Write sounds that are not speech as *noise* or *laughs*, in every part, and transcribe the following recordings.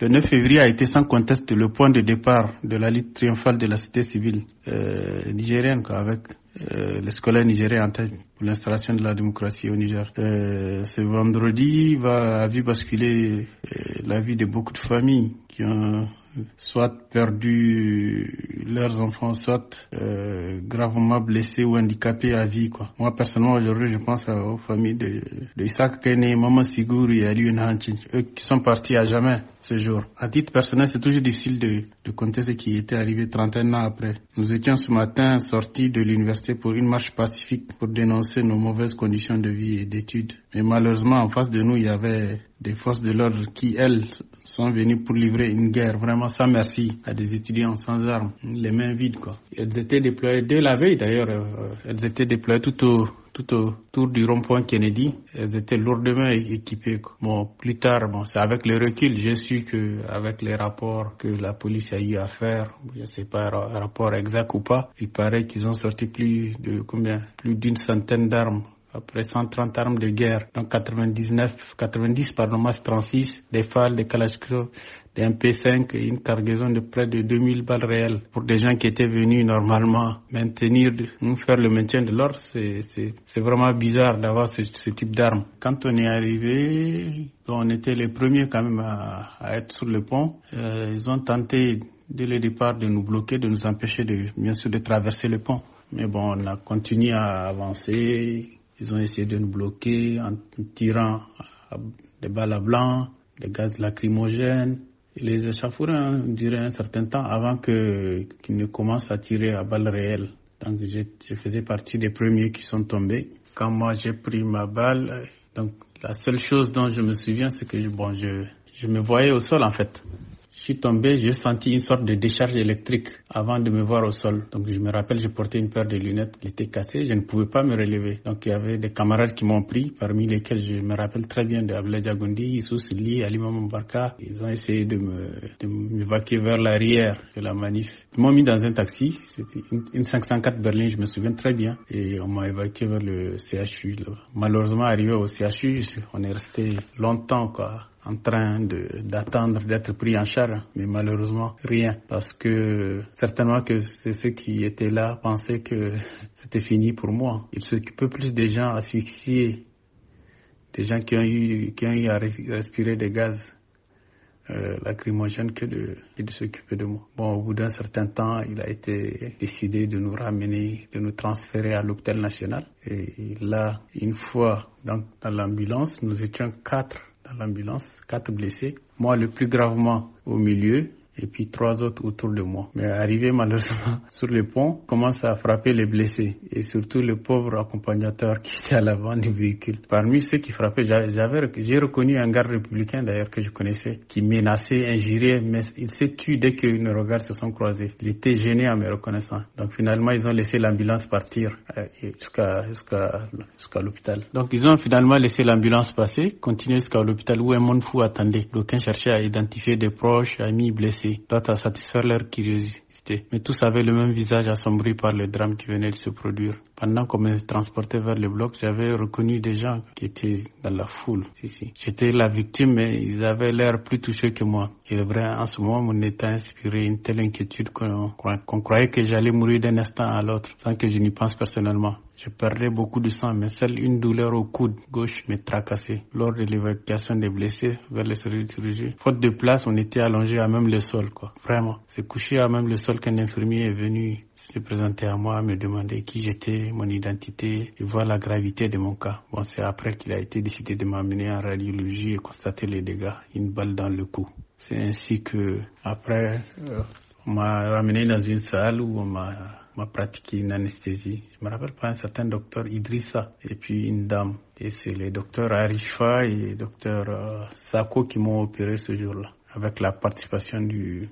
Le 9 février a été sans conteste le point de départ de la lutte triomphale de la cité civile euh, nigérienne avec euh, les scolaires nigériens en tête pour l'installation de la démocratie au Niger. Euh, ce vendredi va à vie basculer euh, la vie de beaucoup de familles qui ont soit perdu leurs enfants, soit euh, gravement blessés ou handicapés à vie. Quoi. Moi, personnellement, aujourd'hui, je pense aux familles de, de Isaac Kene, Maman Sigour et Aliou eux qui sont partis à jamais ce jour. À titre personnel, c'est toujours difficile de, de compter ce qui était arrivé trentaine ans après. Nous étions ce matin sortis de l'université pour une marche pacifique pour dénoncer nos mauvaises conditions de vie et d'études. Mais malheureusement, en face de nous, il y avait des forces de l'ordre qui, elles, sont venues pour livrer une guerre vraiment sans merci à des étudiants sans armes, les mains vides, quoi. Elles étaient déployées dès la veille, d'ailleurs. Euh, elles étaient déployées tout au tout autour du rond-point Kennedy. Elles étaient lourdement équipées. Bon, plus tard, bon, c'est avec le recul, j'ai su que avec les rapports que la police a eu à faire, je ne sais pas un rapport exact ou pas, il paraît qu'ils ont sorti plus de combien, plus d'une centaine d'armes après 130 armes de guerre. Donc 99, 90 pardon, masse 36, des phares, des Kalachnikov, des MP5 et une cargaison de près de 2000 balles réelles pour des gens qui étaient venus normalement maintenir, faire le maintien de l'ordre. C'est vraiment bizarre d'avoir ce, type d'armes. Quand on est arrivé, on était les premiers quand même à, être sur le pont. Euh, ils ont tenté dès le départ de nous bloquer, de nous empêcher de, bien sûr de traverser le pont. Mais bon, on a continué à avancer ils ont essayé de nous bloquer en tirant euh, des balles à blanc, des gaz lacrymogènes. les échafaudés hein, ont duré un certain temps avant qu'ils ne commencent à tirer à balles réelles. Donc je, faisais partie des premiers qui sont tombés. Quand moi j'ai pris ma balle, euh, donc la seule chose dont je me souviens, c'est que je, bon, je, je me voyais au sol en fait. Je suis tombé, j'ai senti une sorte de décharge électrique avant de me voir au sol. Donc je me rappelle, j'ai porté une paire de lunettes qui était cassée, je ne pouvais pas me relever. Donc il y avait des camarades qui m'ont pris, parmi lesquels je me rappelle très bien de Abla Diagondi, Issou Sili, Ali Mambarka. Ils ont essayé de m'évacuer vers l'arrière de la manif. Ils m'ont mis dans un taxi, c'était une, 504 Berlin, je me souviens très bien. Et on m'a évacué vers le CHU. Malheureusement, arrivé au CHU, on est resté longtemps quoi en train d'attendre d'être pris en charge, mais malheureusement rien, parce que certainement que c'est ceux qui étaient là pensaient que *laughs* c'était fini pour moi. Il s'occupait plus des gens asphyxiés, des gens qui ont eu, qui ont eu à respirer des gaz euh, lacrymogènes que de, de s'occuper de moi. Bon, au bout d'un certain temps, il a été décidé de nous ramener, de nous transférer à l'hôpital national. Et là, une fois dans, dans l'ambulance, nous étions quatre à l'ambulance, quatre blessés. Moi, le plus gravement au milieu, et puis trois autres autour de moi. Mais arrivé malheureusement *laughs* sur le pont, commence à frapper les blessés et surtout le pauvre accompagnateur qui était à l'avant du véhicule. Parmi ceux qui frappaient, j'avais, j'ai reconnu un garde républicain d'ailleurs que je connaissais, qui menaçait, injuriait, mais il s'est tué dès que nos regards se sont croisés. Il était gêné en me reconnaissant. Donc finalement, ils ont laissé l'ambulance partir euh, jusqu'à, jusqu'à, jusqu'à l'hôpital. Donc ils ont finalement laissé l'ambulance passer, continuer jusqu'à l'hôpital où un monde fou attendait. D'aucuns cherchaient à identifier des proches, amis blessés doit à satisfaire leur curiosité. Mais tous avaient le même visage assombri par le drame qui venait de se produire. Pendant qu'on me transportait vers le bloc, j'avais reconnu des gens qui étaient dans la foule. J'étais la victime, mais ils avaient l'air plus touchés que moi. Il est vrai, en ce moment, mon état inspirait une telle inquiétude qu'on croyait que j'allais mourir d'un instant à l'autre, sans que je n'y pense personnellement. Je perdais beaucoup de sang, mais seule une douleur au coude gauche me tracassait lors de l'évacuation des blessés vers les services de chirurgie. Faute de place, on était allongé à même le sol, quoi. Vraiment. C'est couché à même le sol qu'un infirmier est venu se présenter à moi, me demander qui j'étais, mon identité et voir la gravité de mon cas. Bon, c'est après qu'il a été décidé de m'amener en radiologie et constater les dégâts, une balle dans le cou. C'est ainsi que, après, euh, m'a ramené dans une salle où on m'a m'a pratiqué une anesthésie. Je me rappelle pas un certain docteur Idrissa et puis une dame. Et c'est les docteurs Arifa et docteur ah, Sako qui m'ont opéré ce jour-là, avec la participation du,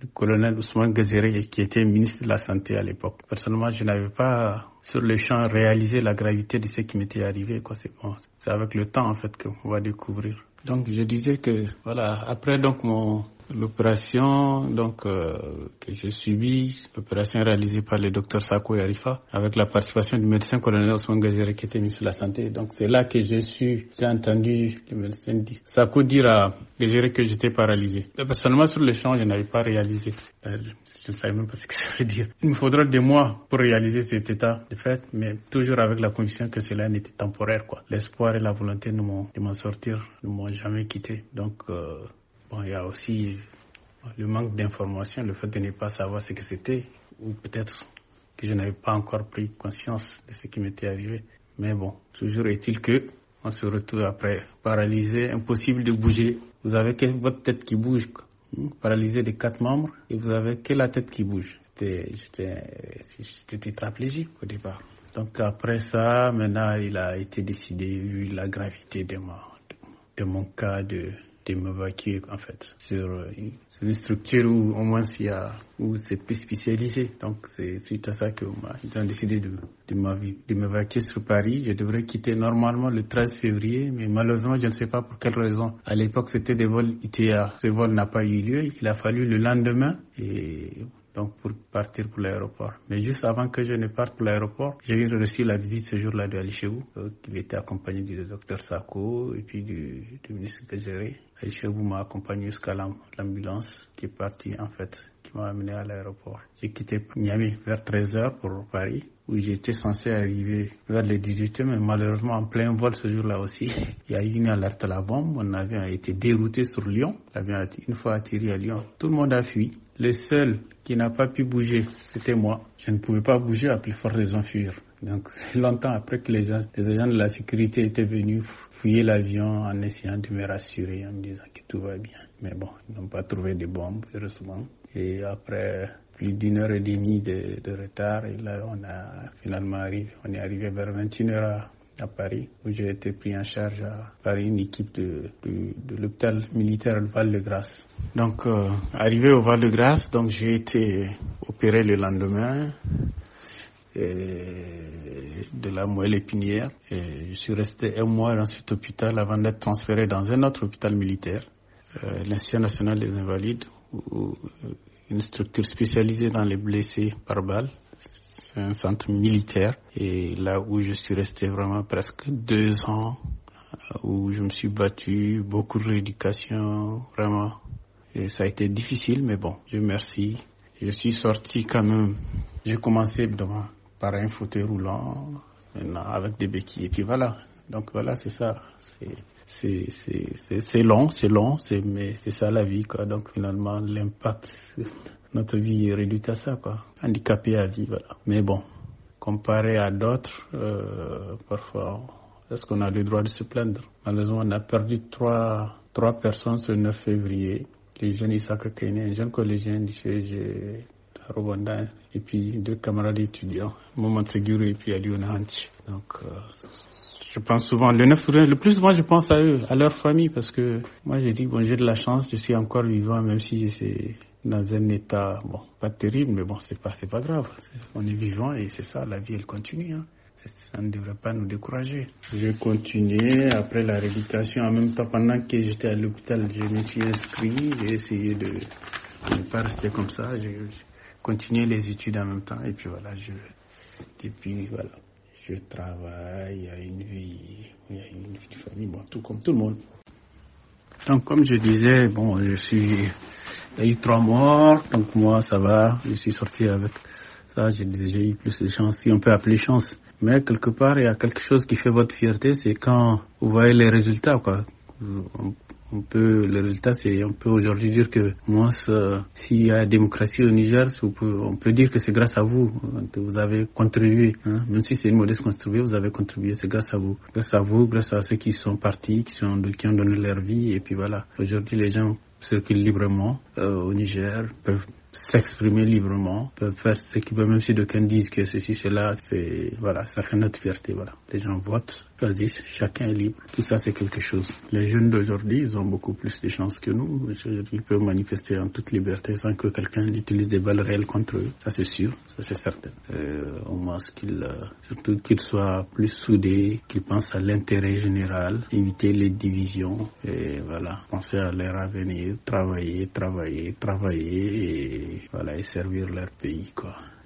du colonel Ousmane Gazéré, qui était ministre de la Santé à l'époque. Personnellement, je n'avais pas sur le champ réalisé la gravité de ce qui m'était arrivé. C'est avec le temps en fait qu'on va découvrir. Donc je disais que voilà après donc mon L'opération donc euh, que j'ai subie, l'opération réalisée par le docteur Sako Yarifa, avec la participation du médecin colonel Ousmane Gazire qui était ministre de la Santé. Donc c'est là que j'ai su, j'ai entendu le médecin dire, Sako dire à que j'étais paralysé. personnellement sur le champ, je n'avais pas réalisé. Euh, je ne savais même pas ce que *laughs* ça veut dire. Il me faudra des mois pour réaliser cet état de fait, mais toujours avec la conviction que cela n'était temporaire. quoi. L'espoir et la volonté de m'en sortir ne m'ont jamais quitté. Donc euh, il y a aussi le manque d'informations, le fait de ne pas savoir ce que c'était, ou peut-être que je n'avais pas encore pris conscience de ce qui m'était arrivé. Mais bon, toujours est-il que on se retrouve après paralysé, impossible de bouger. Vous avez que votre tête qui bouge, hmm? paralysé des quatre membres, et vous avez que la tête qui bouge. J'étais tétraplégique au départ. Donc après ça, maintenant, il a été décidé, vu la gravité de, de mon cas, de, de m'évacuer en fait sur euh, une structure où au moins a où c'est plus spécialisé. Donc c'est suite à ça qu'ils bah, ont décidé de, de m'évacuer sur Paris. Je devrais quitter normalement le 13 février, mais malheureusement je ne sais pas pour quelle raison. À l'époque c'était des vols ITA. Ce vol n'a pas eu lieu. Il a fallu le lendemain et donc pour partir pour l'aéroport. Mais juste avant que je ne parte pour l'aéroport, j'ai reçu la visite ce jour-là de Ali Chebou, euh, qui était accompagné du docteur Sako et puis du, ministre Gazéré et chez vous m'a accompagné jusqu'à l'ambulance qui est partie, en fait, qui m'a amené à l'aéroport. J'ai quitté Miami vers 13h pour Paris, où j'étais censé arriver vers les 18h, mais malheureusement, en plein vol ce jour-là aussi, *laughs* il y a eu une alerte à la bombe. Mon avion a été dérouté sur Lyon. L'avion a une fois atterri à Lyon. Tout le monde a fui. Le seul qui n'a pas pu bouger, c'était moi. Je ne pouvais pas bouger à plus forte raison fuir. Donc, *laughs* c'est longtemps après que les, les agents de la sécurité étaient venus fouillé l'avion en essayant de me rassurer, en me disant que tout va bien. Mais bon, ils n'ont pas trouvé de bombe, heureusement. Et après plus d'une heure et demie de, retard, on a finalement arrivé, on est arrivé vers 21h à, Paris, où j'ai été pris en charge par une équipe de, l'hôpital militaire Val-de-Grâce. Donc, euh, arrivé au Val-de-Grâce, donc j'ai été opéré le lendemain de la moelle épinière. Et je suis resté un mois dans cet hôpital avant d'être transféré dans un autre hôpital militaire, euh, l'Institut national des invalides, ou euh, une structure spécialisée dans les blessés par balles C'est un centre militaire et là où je suis resté vraiment presque deux ans, euh, où je me suis battu, beaucoup de rééducation, vraiment. Et ça a été difficile, mais bon, je remercie. Je suis sorti quand même. J'ai commencé devant par un fauteuil roulant, maintenant, avec des béquilles. Et puis voilà. Donc voilà, c'est ça. C'est long, c'est long, mais c'est ça la vie. Quoi. Donc finalement, l'impact, *laughs* notre vie est réduite à ça. Quoi. Handicapé à vie, voilà. Mais bon, comparé à d'autres, euh, parfois, est-ce qu'on a le droit de se plaindre Malheureusement, on a perdu trois, trois personnes ce 9 février. Le jeune Issa un jeune collégien du CG Rwanda et puis deux camarades étudiants, Maman Seguro et puis Aliona Hanch. Donc, euh, je pense souvent, le 9 le plus moi je pense à eux, à leur famille, parce que moi j'ai dit, bon, j'ai de la chance, je suis encore vivant, même si c'est dans un état, bon, pas terrible, mais bon, c'est pas, c'est pas grave. On est vivant et c'est ça, la vie elle continue. Hein. Ça ne devrait pas nous décourager. J'ai continué après la rééducation. En même temps, pendant que j'étais à l'hôpital, je me suis inscrit, j'ai essayé de ne pas rester comme ça. Je, continuer les études en même temps. Et puis voilà, je, depuis, voilà, je travaille, il une vie, une vie de famille, tout comme tout le monde. Donc, comme je disais, bon, je suis, il y a eu trois morts, donc moi, ça va, je suis sorti avec ça, j'ai eu plus de chance, si on peut appeler chance. Mais quelque part, il y a quelque chose qui fait votre fierté, c'est quand vous voyez les résultats, quoi. On peut, le résultat, c'est, on peut aujourd'hui dire que moi, s'il y a démocratie au Niger, on peut, on peut dire que c'est grâce à vous. Hein, que Vous avez contribué, hein, même si c'est une modeste construite, vous avez contribué, c'est grâce à vous. Grâce à vous, grâce à ceux qui sont partis, qui, sont, qui ont donné leur vie, et puis voilà. Aujourd'hui, les gens circulent librement euh, au Niger, peuvent s'exprimer librement, peuvent faire ce qu'ils veulent, même si d'aucuns disent que ceci, cela, c'est, voilà, ça fait notre fierté, voilà. Les gens votent, choisissent, chacun est libre. Tout ça, c'est quelque chose. Les jeunes d'aujourd'hui, ils ont beaucoup plus de chances que nous. Ils peuvent manifester en toute liberté sans que quelqu'un utilise des balles réelles contre eux. Ça, c'est sûr, ça, c'est certain. Euh, au moins, qu'ils, euh, surtout qu'ils soient plus soudés, qu'ils pensent à l'intérêt général, éviter les divisions, et voilà, penser à à venir travailler, travailler, travailler et voilà, et servir leur pays, quoi.